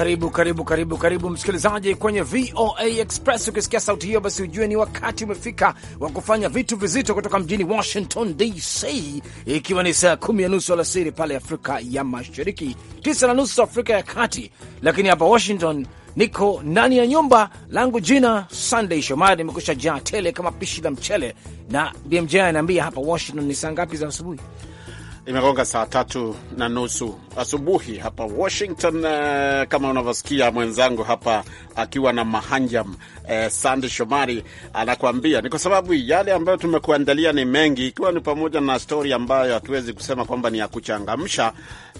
Karibu, karibu, karibu, karibu msikilizaji kwenye VOA Express. Ukisikia sauti hiyo, basi ujue ni wakati umefika wa kufanya vitu vizito kutoka mjini Washington DC, ikiwa ni saa kumi na nusu alasiri pale Afrika ya Mashariki, tisa na nusu Afrika ya Kati, lakini hapa Washington niko ndani ya nyumba langu. Jina Sunday Shomari, nimekusha jaa tele kama pishi la mchele, na BMJ anaambia hapa Washington ni saa ngapi za asubuhi? Imegonga saa tatu na nusu asubuhi hapa Washington, Uh, kama unavyosikia mwenzangu hapa akiwa na mahanjam uh, Sande Shomari anakuambia ni kwa sababu yale ambayo tumekuandalia ni mengi, ikiwa ni pamoja na stori ambayo hatuwezi kusema kwamba ni ya kuchangamsha,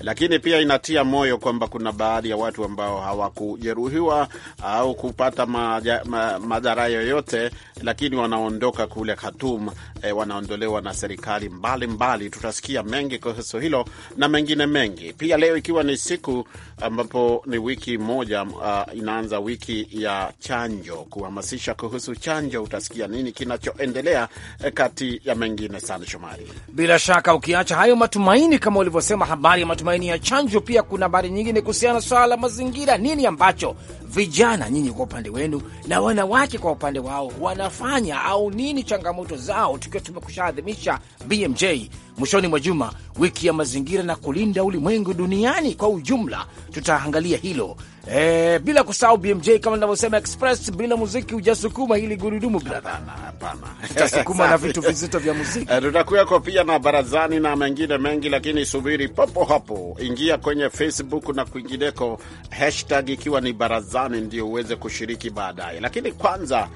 lakini pia inatia moyo kwamba kuna baadhi ya watu ambao hawakujeruhiwa au kupata maja, ma, madhara yoyote, lakini wanaondoka kule Khartoum, eh, wanaondolewa na serikali mbalimbali mbali. Tutasikia mengi kuhusu hilo na mengine mengi pia. Leo ikiwa ni siku ambapo ni wiki moja uh, inaanza wiki ya chanjo, kuhamasisha kuhusu chanjo. Utasikia nini kinachoendelea eh, kati ya mengine sana, Shomari. Bila shaka ukiacha hayo matumaini, kama ulivyosema, habari ya matumaini ya chanjo, pia kuna habari nyingine kuhusiana na swala la mazingira. Nini ambacho vijana nyinyi kwa upande wenu na wanawake kwa upande wao wanafanya au nini changamoto zao, tukiwa tumekushaadhimisha BMJ Mwishoni mwa juma, wiki ya mazingira na kulinda ulimwengu duniani kwa ujumla, tutaangalia hilo e, bila kusahau BMJ kama ninavyosema express, bila muziki hujasukuma hili gurudumu brother, tutasukuma na vitu vizito vya muziki. Eh, tutakuweko pia na barazani na mengine mengi, lakini subiri popo hapo, ingia kwenye Facebook na kwingineko, hashtag ikiwa ni barazani, ndio uweze kushiriki baadaye, lakini kwanza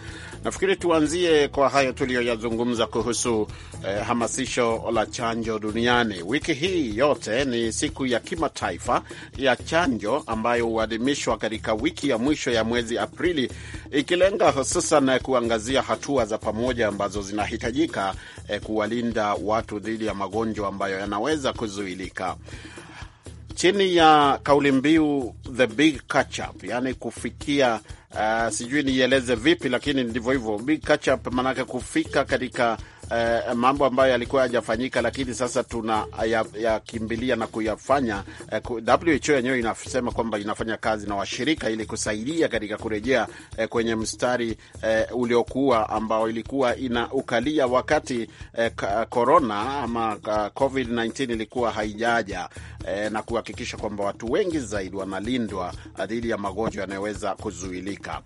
Nafikiri tuanzie kwa hayo tuliyoyazungumza kuhusu eh, hamasisho la chanjo duniani. Wiki hii yote ni siku ya kimataifa ya chanjo ambayo huadhimishwa katika wiki ya mwisho ya mwezi Aprili, ikilenga hususan kuangazia hatua za pamoja ambazo zinahitajika eh, kuwalinda watu dhidi ya magonjwa ambayo yanaweza kuzuilika chini ya kauli mbiu the big catch up, yani kufikia Uh, sijui nieleze vipi, lakini ndivyo hivyo big catch up, kufika katika eh, mambo ambayo yalikuwa yajafanyika, lakini sasa tuna ya na kuyafanya eh, WHO yenyewe inasema kwamba inafanya kazi na washirika ili kusaidia katika kurejea eh, kwenye mstari eh, uliokuwa ambao ilikuwa ina ukalia wakati eh, korona corona ama COVID-19 ilikuwa haijaja eh, na kuhakikisha kwamba watu wengi zaidi wanalindwa eh, dhidi ya magonjwa yanayoweza kuzuilika.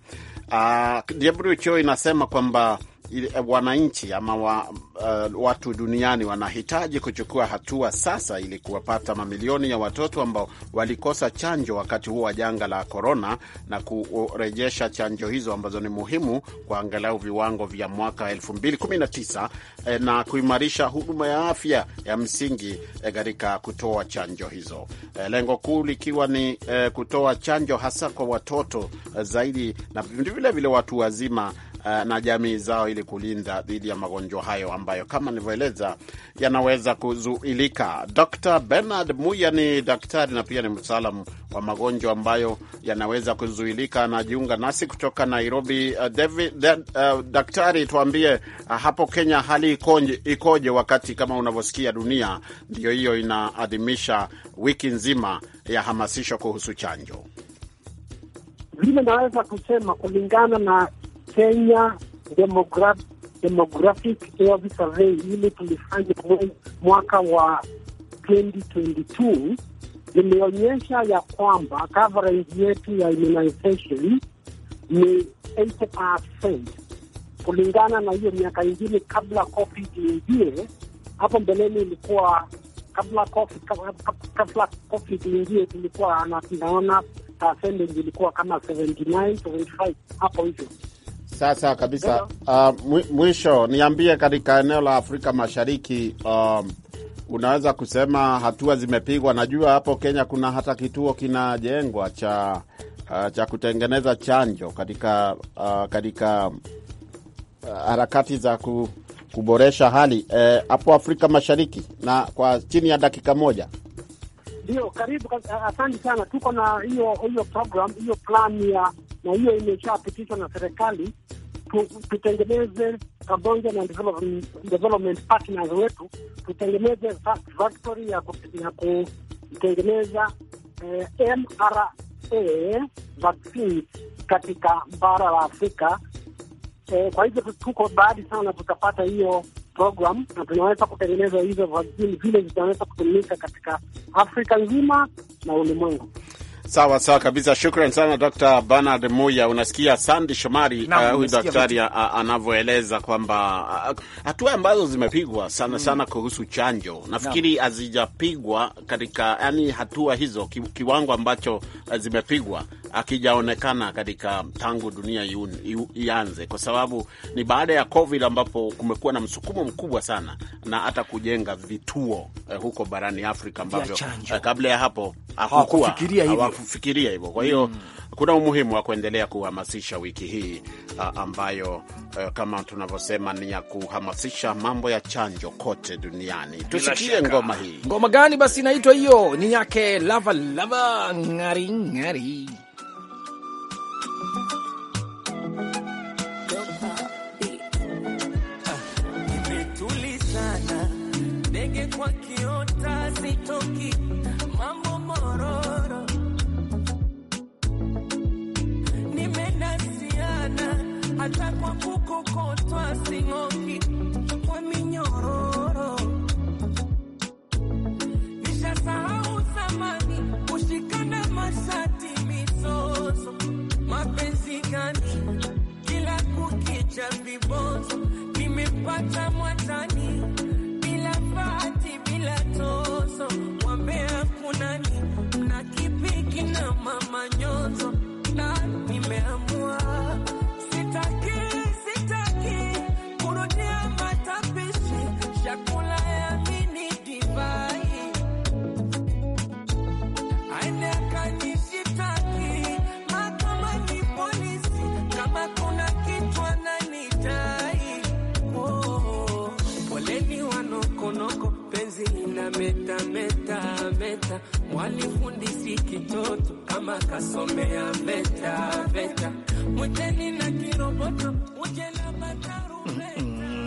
Uh, ah, WHO inasema kwamba Eh, wananchi ama wa, uh, watu duniani wanahitaji kuchukua hatua sasa ili kuwapata mamilioni ya watoto ambao walikosa chanjo wakati huo wa janga la korona na kurejesha chanjo hizo ambazo ni muhimu kwa angalau viwango vya mwaka 2019 eh, na kuimarisha huduma ya afya ya msingi eh, katika eh, kutoa chanjo hizo eh, lengo kuu likiwa ni eh, kutoa chanjo hasa kwa watoto eh, zaidi na vilevile vile watu wazima Eh, na jamii zao ili kulinda dhidi ya magonjwa hayo ambayo kama nilivyoeleza yanaweza kuzuilika. Dr Bernard Muya ni daktari na pia ni mtaalam wa magonjwa ambayo yanaweza kuzuilika. Anajiunga nasi kutoka Nairobi. Uh, David, uh, daktari, tuambie uh, hapo Kenya hali ikoje, ikoje wakati kama unavyosikia dunia ndiyo hiyo inaadhimisha wiki nzima ya hamasisho kuhusu chanjo? Vile naweza kusema kulingana na Kenya Demographic, Demographic Health Survey ile tulifanya mwaka wa 2022 imeonyesha ya kwamba coverage yetu ya immunization ni 80% kulingana na hiyo miaka ingine kabla COVID ingie. Hapo mbeleni ilikuwa kabla COVID, kabla COVID ingie tulikuwa naona percentage ilikuwa kama 79 75 hapo hivyo. Sasa kabisa. Uh, mwisho niambie, katika eneo la Afrika Mashariki um, unaweza kusema hatua zimepigwa? Najua hapo Kenya kuna hata kituo kinajengwa cha uh, cha kutengeneza chanjo katika uh, katika uh, harakati za ku, kuboresha hali eh, hapo uh, Afrika Mashariki, na kwa chini ya dakika moja ndio karibu. Asante sana, tuko na hiyo hiyo program hiyo plan ya na hiyo imeshapitishwa na serikali tutengeneze pamoja na development partners wetu, tutengeneze factory ya kutengeneza eh, mRNA vaccine katika bara la Afrika. Eh, kwa hivyo tuko baadhi sana, tutapata hiyo program na tunaweza kutengeneza hizo vaccine vile, zitaweza kutumika katika Afrika nzima na ulimwengu. Sawa sawa kabisa, shukran sana Dr Bernard Muya. Unasikia Sandi Shomari uh, huyu uh, daktari anavyoeleza kwamba uh, hatua ambazo zimepigwa sana mm, sana kuhusu chanjo nafikiri hazijapigwa katika yani hatua hizo ki, kiwango ambacho uh, zimepigwa akijaonekana katika tangu dunia ianze, kwa sababu ni baada ya COVID ambapo kumekuwa na msukumo mkubwa sana na hata kujenga vituo eh, huko barani Afrika ambavyo eh, kabla ya hapo hawakufikiria hivyo. Kwa hiyo mm, kuna umuhimu wa kuendelea kuhamasisha wiki hii ah, ambayo eh, kama tunavyosema ni ya kuhamasisha mambo ya chanjo kote duniani. Tusikie ngoma hii. Ngoma gani basi? Inaitwa hiyo, ni yake Lava Lava Ngari Ngari. wakiota sitoki, mambo mororo, nimenasiana hata kwa kukokotwa sing'oki kwa minyororo, nishasahau zamani kushikana mashati mizozo, mapenzi gani kila kukicha vibozo nimepata walifundisi kitoto kama kasomea veta veta, mwiteni na kiroboto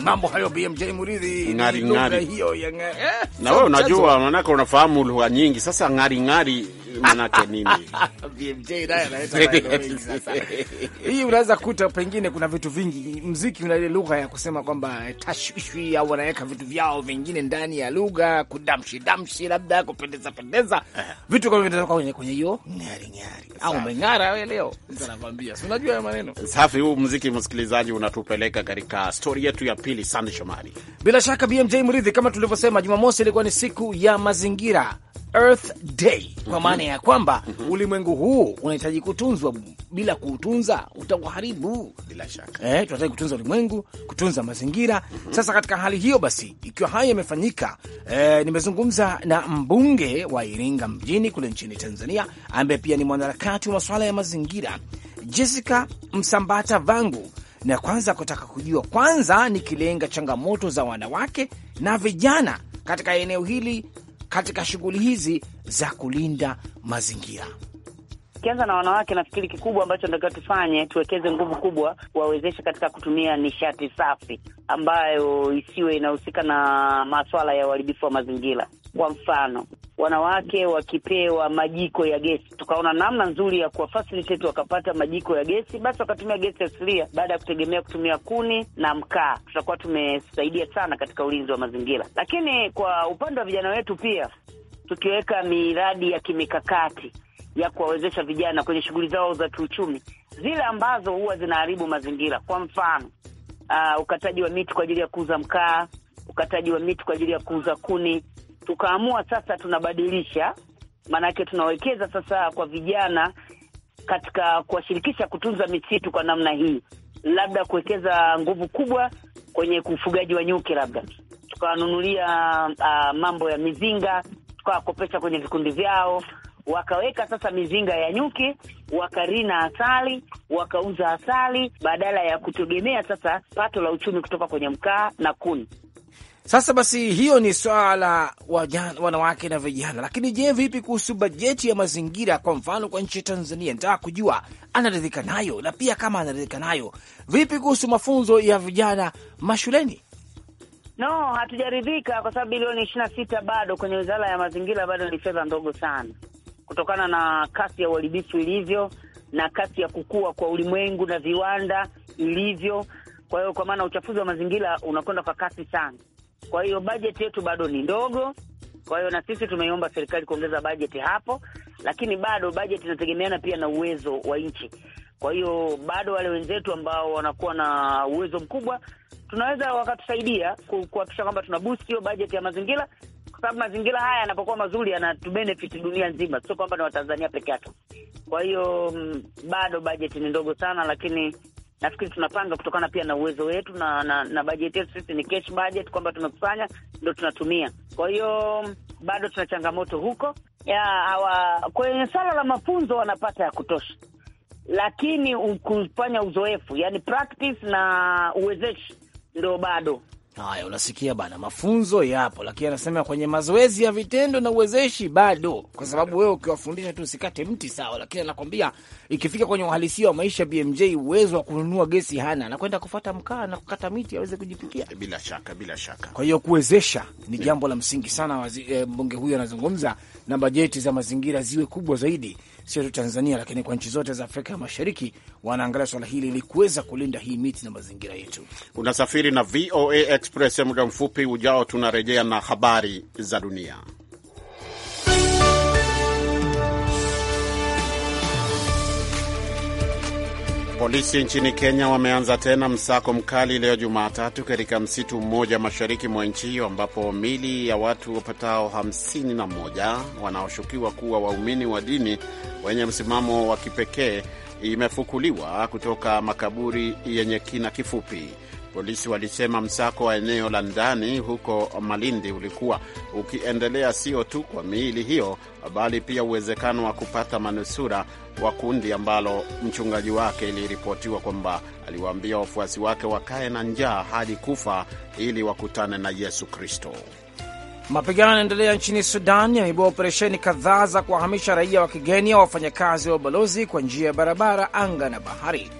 mambo hayo BMJ Muridhi, ngari ngari hiyo eh, na wewe unajua, manake unafahamu lugha nyingi. Sasa ngari ngari manake nini? BMJ naye analeta sasa. Hii unaweza kuta pengine kuna vitu vingi, mziki una ile lugha ya kusema kwamba tashwishwi, au wanaweka vitu vyao vingine ndani ya lugha, kudamshi damshi, labda kupendeza pendeza eh. vitu kama vinatoka kwenye kwenye hiyo ngari ngari, au meng'ara wewe leo mtu anakuambia, si unajua hayo maneno. Safi, huu mziki msikilizaji, unatupeleka katika stori yetu ya pili. Sande Shomari, bila shaka BMJ Mridhi, kama tulivyosema Jumamosi ilikuwa ni siku ya mazingira Earth Day, kwa mhm. maana ya kwamba mm -hmm. ulimwengu huu unahitaji kutunzwa. Bila kuutunza utauharibu. Bila shaka eh, tunahitaji kutunza ulimwengu, kutunza mazingira. mm -hmm. Sasa katika hali hiyo basi, ikiwa hayo yamefanyika, eh, nimezungumza na mbunge wa Iringa mjini kule nchini Tanzania, ambaye pia ni mwanaharakati wa masuala ya mazingira, Jessica Msambata Vangu, na kwanza kutaka kujua kwanza, nikilenga changamoto za wanawake na vijana katika eneo hili katika shughuli hizi za kulinda mazingira. Tukianza na wanawake, nafikiri kikubwa ambacho natakiwa tufanye, tuwekeze nguvu kubwa kuwawezesha katika kutumia nishati safi ambayo isiwe inahusika na maswala ya uharibifu wa mazingira. Kwa mfano, wanawake wakipewa majiko ya gesi, tukaona namna nzuri ya kuwafasilitate wakapata majiko ya gesi, basi wakatumia gesi asilia baada ya kutegemea kutumia kuni na mkaa, tutakuwa tumesaidia sana katika ulinzi wa mazingira. Lakini kwa upande wa vijana wetu pia tukiweka miradi ya kimikakati ya kuwawezesha vijana kwenye shughuli zao za kiuchumi, zile ambazo huwa zinaharibu mazingira. Kwa mfano uh, ukataji wa miti kwa ajili ya kuuza mkaa, ukataji wa miti kwa ajili ya kuuza kuni. Tukaamua sasa tunabadilisha, maanake tunawekeza sasa kwa vijana katika kuwashirikisha kutunza misitu kwa namna hii, labda kuwekeza nguvu kubwa kwenye ufugaji wa nyuki, labda tukawanunulia uh, mambo ya mizinga tukawakopesha kwenye vikundi vyao wakaweka sasa mizinga ya nyuki, wakarina asali, wakauza asali badala ya kutegemea sasa pato la uchumi kutoka kwenye mkaa na kuni. Sasa basi, hiyo ni swala la wanawake na vijana, lakini je, vipi kuhusu bajeti ya mazingira? Kwa mfano kwa nchi ya Tanzania, nataka kujua anaridhika nayo, na pia kama anaridhika nayo, vipi kuhusu mafunzo ya vijana mashuleni? No, hatujaridhika kwa sababu bilioni ishirini na sita bado kwenye wizara ya mazingira bado ni fedha ndogo sana kutokana na kasi ya uharibifu ilivyo na kasi ya kukua kwa ulimwengu na viwanda ilivyo. Kwa hiyo kwa maana uchafuzi wa mazingira unakwenda kwa kasi sana. Kwa hiyo bajeti yetu bado ni ndogo. Kwa hiyo na sisi tumeiomba serikali kuongeza bajeti hapo, lakini bado bajeti inategemeana pia na uwezo wa nchi. Kwa hiyo bado wale wenzetu ambao wanakuwa na uwezo mkubwa tunaweza wakatusaidia kuhakikisha kwamba tuna boost hiyo bajeti ya mazingira sababu mazingira haya yanapokuwa mazuri yanatubenefiti dunia nzima, sio kwamba ni Watanzania peke yake. Kwa hiyo mm, bado bajeti ni ndogo sana, lakini nafikiri tunapanga kutokana pia na uwezo wetu na na, na bajeti yetu sisi ni cash budget, kwamba tumekusanya ndo tunatumia. Kwa hiyo mm, bado tuna changamoto huko ya, hawa, kwenye sala la mafunzo wanapata ya kutosha, lakini kufanya uzoefu, yani practice na uwezeshi ndo bado Haya, unasikia bana, mafunzo yapo, lakini anasema kwenye mazoezi ya vitendo na uwezeshi bado, kwa sababu wewe ukiwafundisha tu usikate mti sawa, lakini anakwambia ikifika kwenye uhalisia wa maisha BMJ, uwezo wa kununua gesi hana, anakwenda kufata mkaa na kukata miti aweze kujipikia. Bila shaka, bila shaka. Kwa hiyo kuwezesha ni jambo la msingi sana, eh, mbunge huyo anazungumza na bajeti za mazingira ziwe kubwa zaidi, sio tu Tanzania, lakini kwa nchi zote za Afrika ya Mashariki wanaangalia swala hili ili kuweza kulinda hii miti na mazingira yetu. Unasafiri na VOA Express. Muda mfupi ujao tunarejea na habari za dunia. Polisi nchini Kenya wameanza tena msako mkali leo Jumatatu katika msitu mmoja mashariki mwa nchi hiyo ambapo mili ya watu wapatao 51 wanaoshukiwa kuwa waumini wa dini wenye msimamo wa kipekee imefukuliwa kutoka makaburi yenye kina kifupi. Polisi walisema msako wa eneo la ndani huko Malindi ulikuwa ukiendelea, sio tu kwa miili hiyo, bali pia uwezekano wa kupata manusura wa kundi ambalo mchungaji wake iliripotiwa kwamba aliwaambia wafuasi wake wakae na njaa hadi kufa ili wakutane na Yesu Kristo. Mapigano yanaendelea nchini Sudan yameibua operesheni kadhaa za kuwahamisha raia wa kigeni au wafanyakazi wa ubalozi kwa njia ya barabara, anga na bahari.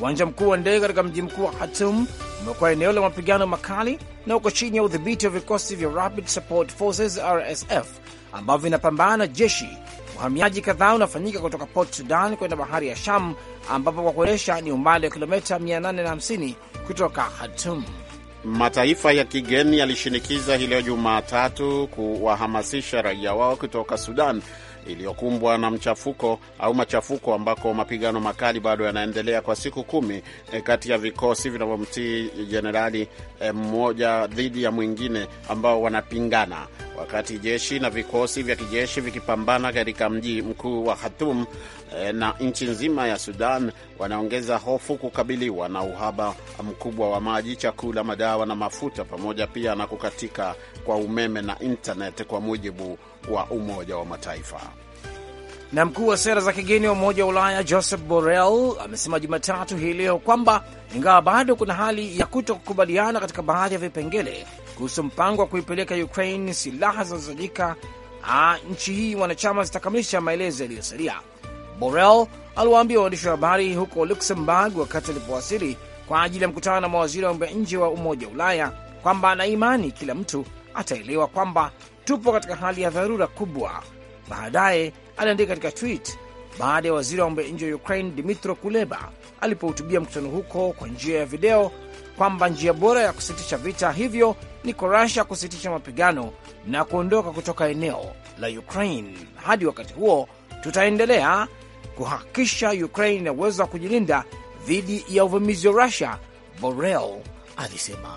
Uwanja mkuu wa ndege katika mji mkuu wa Khartoum umekuwa eneo la mapigano makali na uko chini ya udhibiti wa vikosi vya Rapid Support Forces RSF ambavyo vinapambana na jeshi. Uhamiaji kadhaa unafanyika kutoka Port Sudan kwenda bahari ya Sham, ambapo kwa kuendesha ni umbali wa kilomita 850 kutoka Khartoum. Mataifa ya kigeni yalishinikiza hii leo Jumatatu kuwahamasisha raia wao kutoka Sudan iliyokumbwa na mchafuko au machafuko, ambako mapigano makali bado yanaendelea kwa siku kumi e, kati ya vikosi vinavyomtii jenerali e, mmoja dhidi ya mwingine ambao wanapingana, wakati jeshi na vikosi vya kijeshi vikipambana katika mji mkuu wa Khartoum e, na nchi nzima ya Sudan wanaongeza hofu kukabiliwa na uhaba mkubwa wa maji, chakula, madawa na mafuta pamoja pia na kukatika kwa umeme na intanet, kwa mujibu wa Umoja wa Mataifa. Na mkuu wa sera za kigeni wa Umoja wa Ulaya Joseph Borrell amesema Jumatatu hii leo kwamba ingawa bado kuna hali ya kutokukubaliana katika baadhi ya vipengele kuhusu mpango wa kuipeleka Ukraine silaha zinazohitajika ah, nchi hii wanachama zitakamilisha maelezo yaliyosalia. Borrell aliwaambia waandishi wa habari huko Luxembourg wakati alipowasili kwa ajili ya mkutano na mawaziri wa mambo ya nje wa Umoja wa Ulaya kwamba ana imani kila mtu ataelewa kwamba tupo katika hali ya dharura kubwa. Baadaye aliandika katika tweet baada ya waziri wa mambo ya nje wa Ukraine Dmitro Kuleba alipohutubia mkutano huko kwa njia ya video kwamba njia bora ya kusitisha vita hivyo ni kwa rusia kusitisha mapigano na kuondoka kutoka eneo la Ukraine. Hadi wakati huo, tutaendelea kuhakikisha Ukraine ina uwezo wa kujilinda dhidi ya uvamizi wa rusia Borrell alisema.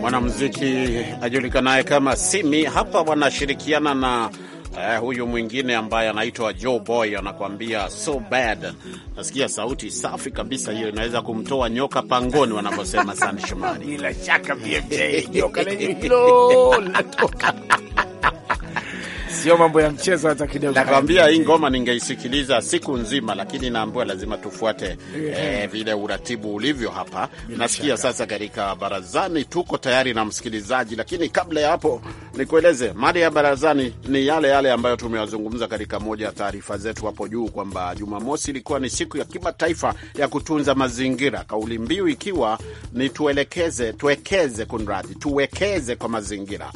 Mwanamuziki ajulikanaye kama Simi hapa wanashirikiana na Uh, huyu mwingine ambaye anaitwa Joe Boy anakuambia so bad. Nasikia sauti safi kabisa, hiyo inaweza kumtoa nyoka pangoni wanavyosema. Sande Shomari, bila shaka BMJ nyoka lenye hilo linatoka sio mambo ya mchezo hata kidogo. Nakwambia hii ngoma ningeisikiliza siku nzima, lakini naambiwa lazima tufuate yeah. eh, vile uratibu ulivyo hapa. Bila nasikia shaka. Sasa katika barazani tuko tayari na msikilizaji, lakini kabla ya hapo nikueleze mada ya barazani ni yale yale ambayo tumewazungumza katika moja ya taarifa zetu hapo juu kwamba Jumamosi ilikuwa ni siku ya kimataifa ya kutunza mazingira, kauli mbiu ikiwa ni tuelekeze tuwekeze, kunradhi, tuwekeze kwa mazingira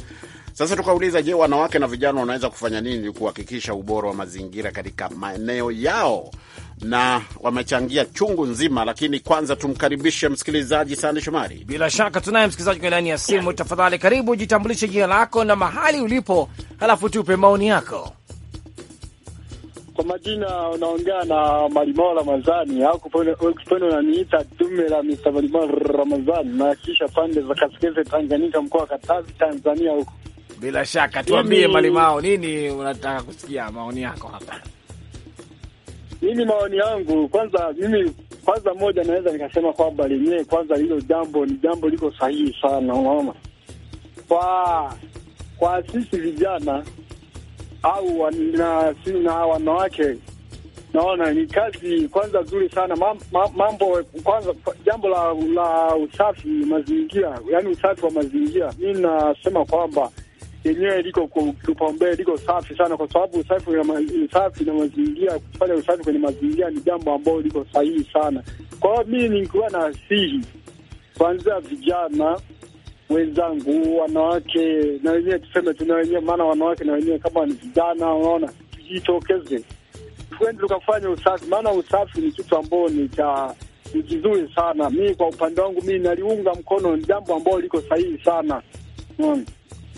sasa tukauliza, je, wanawake na vijana wanaweza kufanya nini kuhakikisha ubora wa mazingira katika maeneo yao? na wamechangia chungu nzima, lakini kwanza tumkaribishe msikilizaji Sande Shomari. Bila shaka tunaye msikilizaji kwenye laini ya simu. Tafadhali karibu, jitambulishe jina lako na mahali ulipo, halafu tupe maoni yako. Kwa majina unaongea na Malimao Ramadhani au kupenda unaniita dume la Mr. Malimao Ramadhani, na pande za kaskazini Tanganyika, mkoa wa Katavi, Tanzania huko bila shaka tuambie, Malimao, nini unataka kusikia maoni yako hapa? Mimi maoni yangu kwanza, mimi kwanza, moja naweza nikasema kwamba lenyewe kwanza hilo jambo ni jambo liko sahihi sana, unaona, kwa kwa sisi vijana au wana, na wanawake naona ni kazi kwanza nzuri sana ma, ma, mambo kwanza jambo la, la usafi mazingira, yani usafi wa mazingira, mi nasema kwamba yenyewe liko kipaumbele, liko safi sana, kwa sababu usafi na mazingira, kufanya usafi kwenye mazingira ni jambo ambalo liko sahihi sana. Kwa hiyo mimi nilikuwa na asihi kuanzia vijana wenzangu, wanawake na wenyewe, tuseme tuna wenyewe, maana wanawake na wenyewe kama ni vijana, unaona, tujitokeze tuende tukafanya usafi, maana usafi ni kitu ambao ni cha ni kizuri sana. Mi kwa upande wangu mi naliunga mkono, ni jambo ambalo liko sahihi sana mm.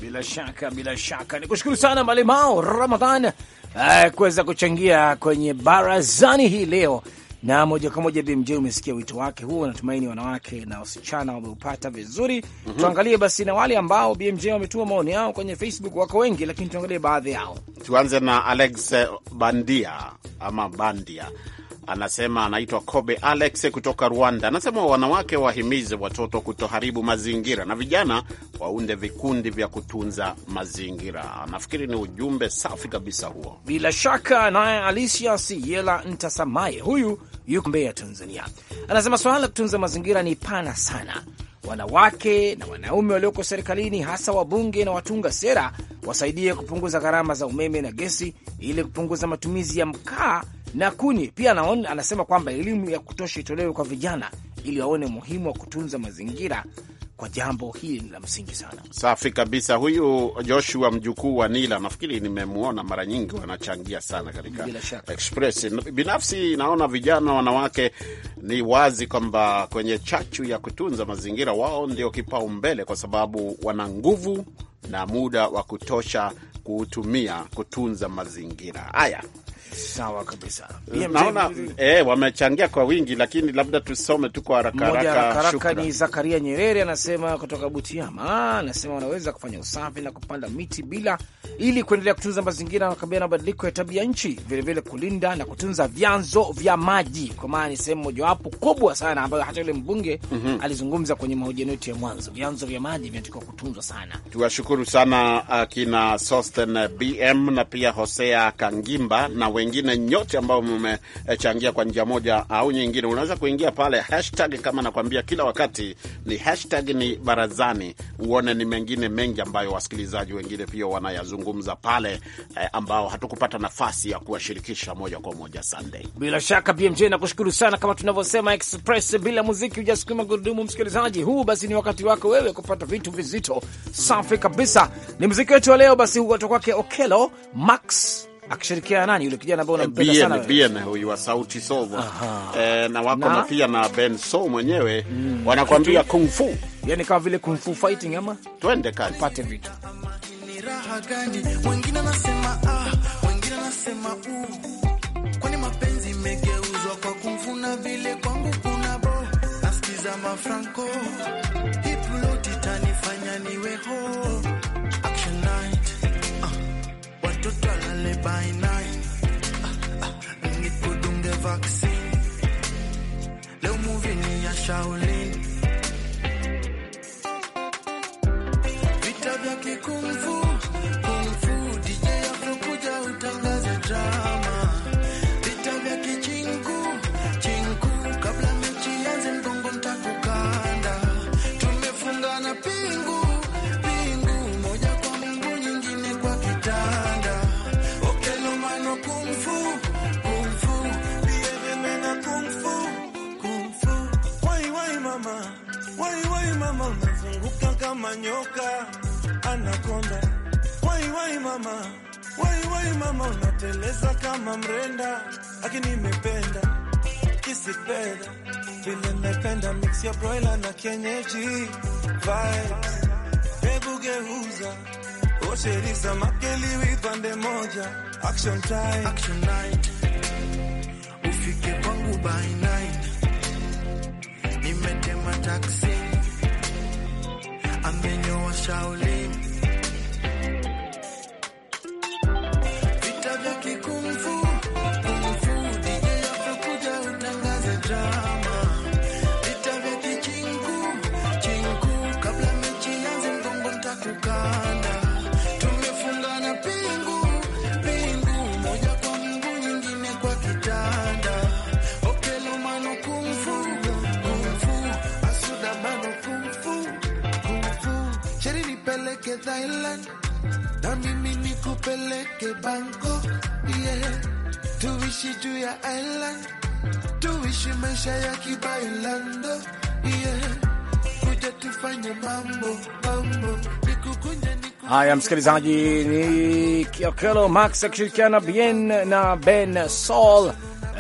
Bila shaka, bila shaka ni kushukuru sana Malimao Ramadhan eh, kuweza kuchangia kwenye barazani hii leo na moja kwa moja BMJ, umesikia wito wake huo. Natumaini wanawake na wasichana wameupata vizuri. mm -hmm. Tuangalie basi na wale ambao BMJ wametuma maoni yao kwenye Facebook, wako wengi, lakini tuangalie baadhi yao. Tuanze na Alex Bandia ama Bandia anasema anaitwa Kobe Alex kutoka Rwanda. Anasema wanawake wahimize watoto kutoharibu mazingira na vijana waunde vikundi vya kutunza mazingira. Nafikiri ni ujumbe safi kabisa huo. Bila shaka, naye Alicia Siela Ntasamaye, huyu yuko Mbeya, Tanzania, anasema swala la kutunza mazingira ni pana sana wanawake na wanaume walioko serikalini hasa wabunge na watunga sera wasaidie kupunguza gharama za umeme na gesi ili kupunguza matumizi ya mkaa na Kuni pia anaona, anasema kwamba elimu ya kutosha itolewe kwa vijana ili waone umuhimu wa kutunza mazingira kwa jambo hili ni la msingi sana. Safi kabisa. Huyu Joshua mjukuu wa Nila, nafikiri nimemwona mara nyingi, wanachangia sana katika Express. Binafsi naona vijana wanawake, ni wazi kwamba kwenye chachu ya kutunza mazingira, wao ndio kipaumbele, kwa sababu wana nguvu na muda wa kutosha kutumia kutunza mazingira haya. Sawa kabisa, naona eh, wamechangia kwa wingi, lakini labda tusome tu kwa haraka haraka. Ni Zakaria Nyerere anasema kutoka Butiama, anasema wanaweza kufanya usafi na kupanda miti bila ili kuendelea kutunza mazingira na na mabadiliko ya tabia nchi, vilevile kulinda na kutunza vyanzo vya maji, kwa maana ni sehemu mojawapo kubwa sana ambayo hata yule mbunge mm -hmm. alizungumza kwenye mahojiano yetu ya mwanzo. Vyanzo vya maji vinatakiwa kutunzwa sana. Tuwashukuru sana akina uh, Justin BM na pia Hosea Kangimba na wengine nyote ambao mmechangia kwa njia moja au nyingine. Unaweza kuingia pale hashtag, kama nakwambia kila wakati ni hashtag ni barazani uone ni mengine mengi ambayo wasikilizaji wengine pia wanayazungumza pale eh, ambao hatukupata nafasi ya kuwashirikisha moja kwa moja. Sunday, bila shaka BMJ nakushukuru sana. Kama tunavyosema express, bila muziki hujasukuma gurudumu. Msikilizaji, huu basi ni wakati wako wewe kupata vitu vizito, safi kabisa. Ni muziki wetu wa leo, basi huwata kwake Okelo Max akishirikiana nani yule kijana ambaye unampenda sana BN huyu wa Sauti Sol E, eh, na wako na pia na Ben So mwenyewe mm, wanakuambia kung fu, yani kama vile kung fu fighting, ama twende kazi tupate vitu vibes, hebu geuza osheri makeliwi pande moja, action time, action night, ufike kwangu by night, nimetema taksi amenyoa shaulini nipeleke Thailand na mimi nikupeleke Bangkok, yeah. Tuishi juu ya island, tuishi maisha ya kibailando, yeah. Kuja tufanye mambo mambo, nikukunje Haya, msikilizaji, ni Kiokelo Max akishirikiana Bien na Ben Saul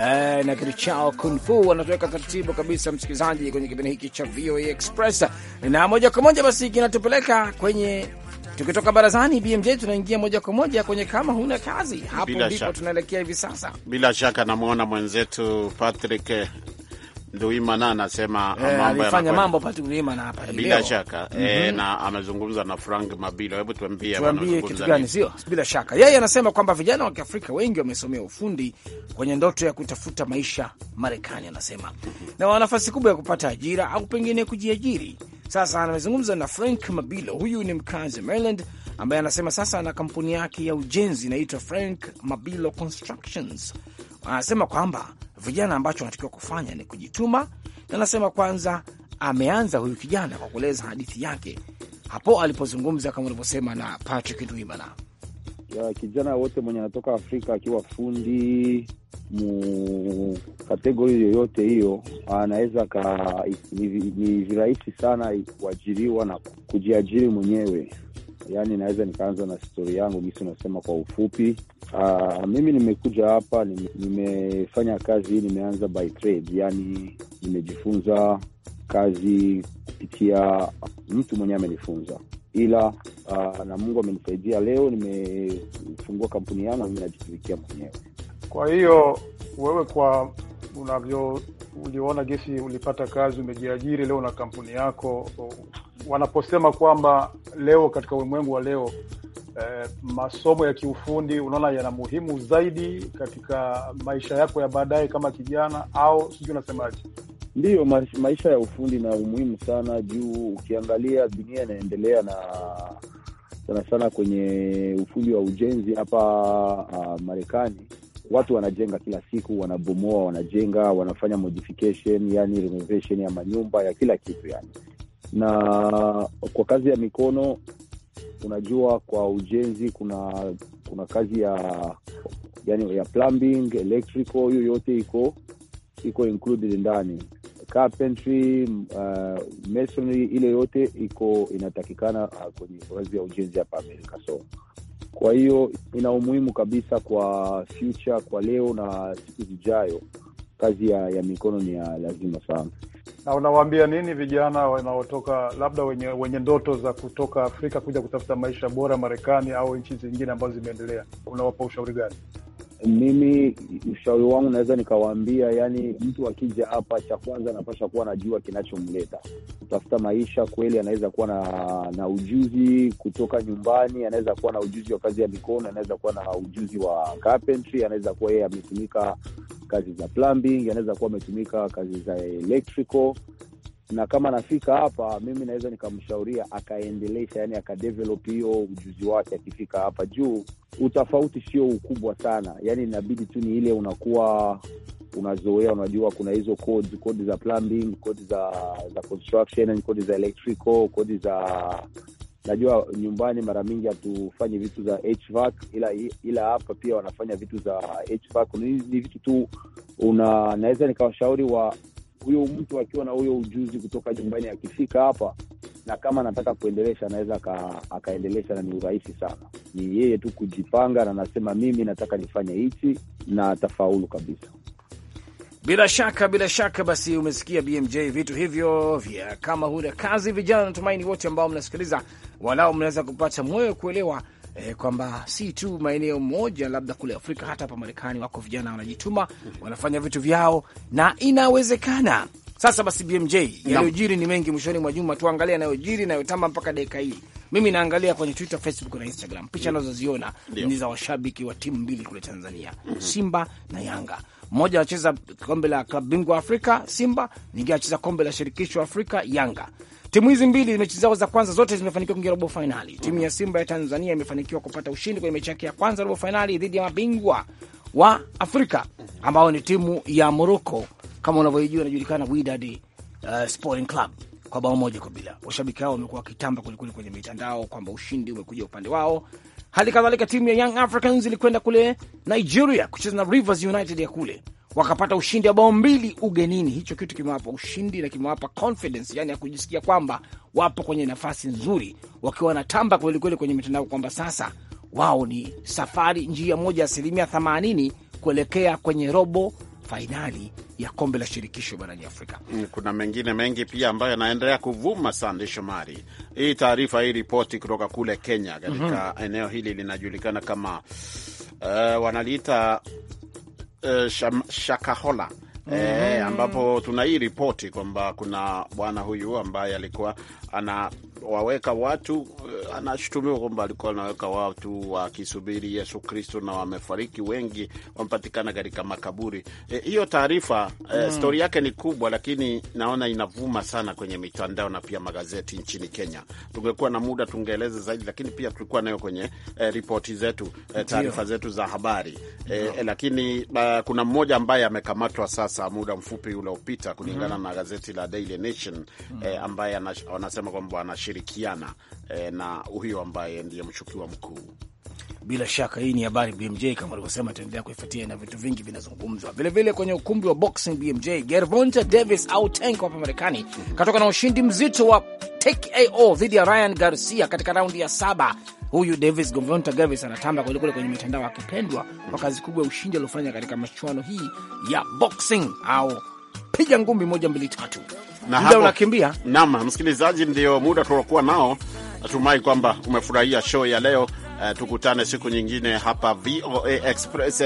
eh, na kitu chao kunfu wanatuweka taratibu kabisa, msikilizaji, kwenye kipindi hiki cha VOA Express. Na moja kwa moja basi kinatupeleka kwenye tukitoka barazani BMJ, tunaingia moja kwa moja kwenye kama huna kazi. Hapo ndipo tunaelekea hivi sasa. Bila shaka namwona mwenzetu Patrick Nduimana anasema e, mambo, mambo Nduimana hapa bila shaka mm -hmm. E, na amezungumza na Frank Mabilo. Hebu tuambie tuambie kitu gani? Sio bila shaka, yeye anasema kwamba vijana wa Kiafrika wengi wamesomea ufundi kwenye ndoto ya kutafuta maisha Marekani, anasema na wana nafasi kubwa ya kupata ajira au pengine kujiajiri. Sasa amezungumza na Frank Mabilo, huyu ni mkazi wa Maryland ambaye anasema sasa ana kampuni yake ya ujenzi inaitwa Frank Mabilo Constructions. Anasema kwamba vijana ambacho wanatakiwa kufanya ni kujituma, na anasema kwanza, ameanza huyu kijana kwa kueleza hadithi yake hapo alipozungumza kama ulivyosema na Patrick Ndwimana ya kijana wote mwenye anatoka Afrika akiwa fundi mu kategori yoyote hiyo, anaweza ka ni, ni virahisi sana kuajiriwa na kujiajiri mwenyewe. Yaani naweza nikaanza na stori yangu gisi unasema kwa ufupi. Aa, ah, mimi nimekuja hapa nime, nimefanya kazi hii nimeanza by trade, yaani nimejifunza kazi kupitia mtu mwenyewe amenifunza, ila uh, na Mungu amenisaidia leo nimefungua kampuni yangu, mimi najitumikia mwenyewe. Kwa hiyo wewe kwa unavyo uliona gesi ulipata kazi, umejiajiri leo na kampuni yako wanaposema kwamba leo katika ulimwengu wa leo eh, masomo ya kiufundi unaona yana muhimu zaidi katika maisha yako ya baadaye kama kijana, au sijui unasemaje? Ndiyo, maisha ya ufundi na umuhimu sana juu ukiangalia dunia inaendelea na sana sana kwenye ufundi wa ujenzi hapa uh, Marekani watu wanajenga kila siku, wanabomoa, wanajenga, wanafanya modification, yani renovation ya manyumba ya kila kitu yani na kwa kazi ya mikono, unajua kwa ujenzi kuna kuna kazi ya yani ya plumbing, electrical, hiyo yote iko iko included ndani carpentry, uh, masonry, ile yote iko inatakikana uh, kwenye kazi ya ujenzi hapa Amerika so kwa hiyo ina umuhimu kabisa kwa future, kwa leo na siku zijayo kazi ya, ya mikono ni ya lazima sana. Na unawaambia nini vijana wanaotoka labda wenye, wenye ndoto za kutoka Afrika kuja kutafuta maisha bora Marekani au nchi zingine ambazo zimeendelea, unawapa ushauri gani? mimi ushauri wangu naweza nikawaambia, yani mtu akija hapa, cha kwanza anapasha kuwa anajua kinachomleta kutafuta maisha. Kweli anaweza kuwa na na ujuzi kutoka nyumbani, anaweza kuwa na ujuzi wa kazi ya mikono, anaweza kuwa na ujuzi wa carpentry, anaweza kuwa yeye ametumika kazi za plumbing, anaweza kuwa ametumika kazi za electrical na kama anafika hapa, mimi naweza nikamshauria akaendelesha, yani akadevelop hiyo ujuzi wake. Akifika hapa juu, utofauti sio ukubwa sana, yani inabidi tu ni ile unakuwa unazoea. Unajua kuna hizo codes, codes za plumbing, codes za za construction, codes za electrical, codes za najua nyumbani mara mingi hatufanyi vitu za HVAC, ila ila hapa pia wanafanya vitu za HVAC. Ni, ni vitu tu una naweza nikawashauri wa huyo mtu akiwa na huyo ujuzi kutoka nyumbani akifika hapa na kama anataka kuendelesha anaweza akaendelesha, na ni urahisi sana, ni yeye tu kujipanga, na anasema mimi nataka nifanye hichi na tafaulu kabisa. Bila shaka, bila shaka. Basi umesikia BMJ vitu hivyo vya kama huna kazi. Vijana, natumaini wote ambao mnasikiliza, walau mnaweza kupata moyo kuelewa eh, kwamba si tu maeneo moja labda kule Afrika, hata hapa Marekani wako vijana wanajituma, wanafanya vitu vyao na inawezekana. Sasa basi, BMJ, yanayojiri ni mengi mwishoni mwa juma, tuangalie yanayojiri nayotamba mpaka dakika hii. Mimi naangalia kwenye Twitter, Facebook na Instagram, picha nazoziona ni za washabiki wa timu mbili kule Tanzania, mhm. Simba na Yanga. Mmoja anacheza kombe la klabu bingwa Afrika, Simba, nyingine anacheza kombe la shirikisho Afrika, Yanga. Timu hizi mbili mechi zao za kwanza zote zimefanikiwa kuingia robo fainali. Timu ya Simba ya Tanzania imefanikiwa kupata ushindi kwenye mechi yake ya kwanza robo fainali dhidi ya mabingwa wa Afrika ambao ni timu ya Moroko, kama unavyojua, inajulikana Wydad uh, Sporting Club kwa bao moja kwa bila. Washabiki hao wamekuwa wakitamba kwelikweli kwenye mitandao kwamba ushindi umekuja upande wao. Hali kadhalika timu ya Young Africans ilikwenda kule Nigeria kucheza na Rivers United ya kule wakapata ushindi wa bao mbili ugenini. Hicho kitu kimewapa ushindi na kimewapa confidence, yani ya kujisikia kwamba wapo kwenye nafasi nzuri, wakiwa wanatamba kwelikweli kwenye mitandao kwamba sasa wao ni safari njia moja asilimia themanini kuelekea kwenye robo fainali ya kombe la shirikisho barani Afrika. Mm, kuna mengine mengi pia ambayo yanaendelea kuvuma. Sande Shomari, hii taarifa hii ripoti kutoka kule Kenya katika mm -hmm. eneo hili linajulikana kama uh, wanaliita uh, Shakahola Mm -hmm. E, ambapo tuna hii ripoti kwamba kuna bwana huyu ambaye alikuwa ana waweka watu, eh, anashutumiwa kwamba alikuwa anaweka watu wakisubiri Yesu Kristo na wamefariki wengi, wamepatikana katika makaburi. Eh, hiyo e, taarifa eh, mm. e, stori yake ni kubwa, lakini naona inavuma sana kwenye mitandao na pia magazeti nchini Kenya. Tungekuwa na muda tungeeleza zaidi, lakini pia tulikuwa nayo kwenye e, ripoti zetu e, taarifa zetu za habari e, no. e, lakini ba, kuna mmoja ambaye amekamatwa sasa muda mfupi uliopita kulingana mm. na gazeti la Daily Nation mm. e, ambaye anasema kwamba anash kushirikiana eh, na huyo ambaye ndiye mshukiwa mkuu. Bila shaka hii ni habari BMJ, kama ulivyosema, tuendelea kuifuatia na vitu vingi vinazungumzwa vilevile kwenye ukumbi wa boxing. BMJ Gervonta Davis au Tank hapa Marekani katoka na ushindi mzito wa TKO dhidi ya Ryan Garcia katika raundi ya saba. Huyu Davis Gervonta Davis anatamba kwelikweli kwenye mitandao akipendwa kwa kazi kubwa ya ushindi aliofanya katika michuano hii ya boxing au piga ngumi moja mbili tatu, na unakimbia. Naam, msikilizaji, ndio muda tuliokuwa nao. Natumai kwamba umefurahia show ya leo. Uh, tukutane siku nyingine hapa VOA Express.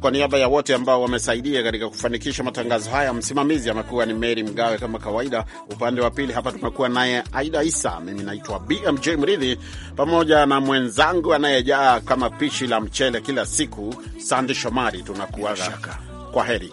Kwa niaba ya wote ambao wamesaidia katika kufanikisha matangazo haya, msimamizi amekuwa ni Mary Mgawe kama kawaida, upande wa pili hapa tumekuwa naye Aida Isa, mimi naitwa BMJ Mridhi pamoja na mwenzangu anayejaa kama pishi la mchele kila siku, Sandi Shomari. Tunakuaga, kwa heri.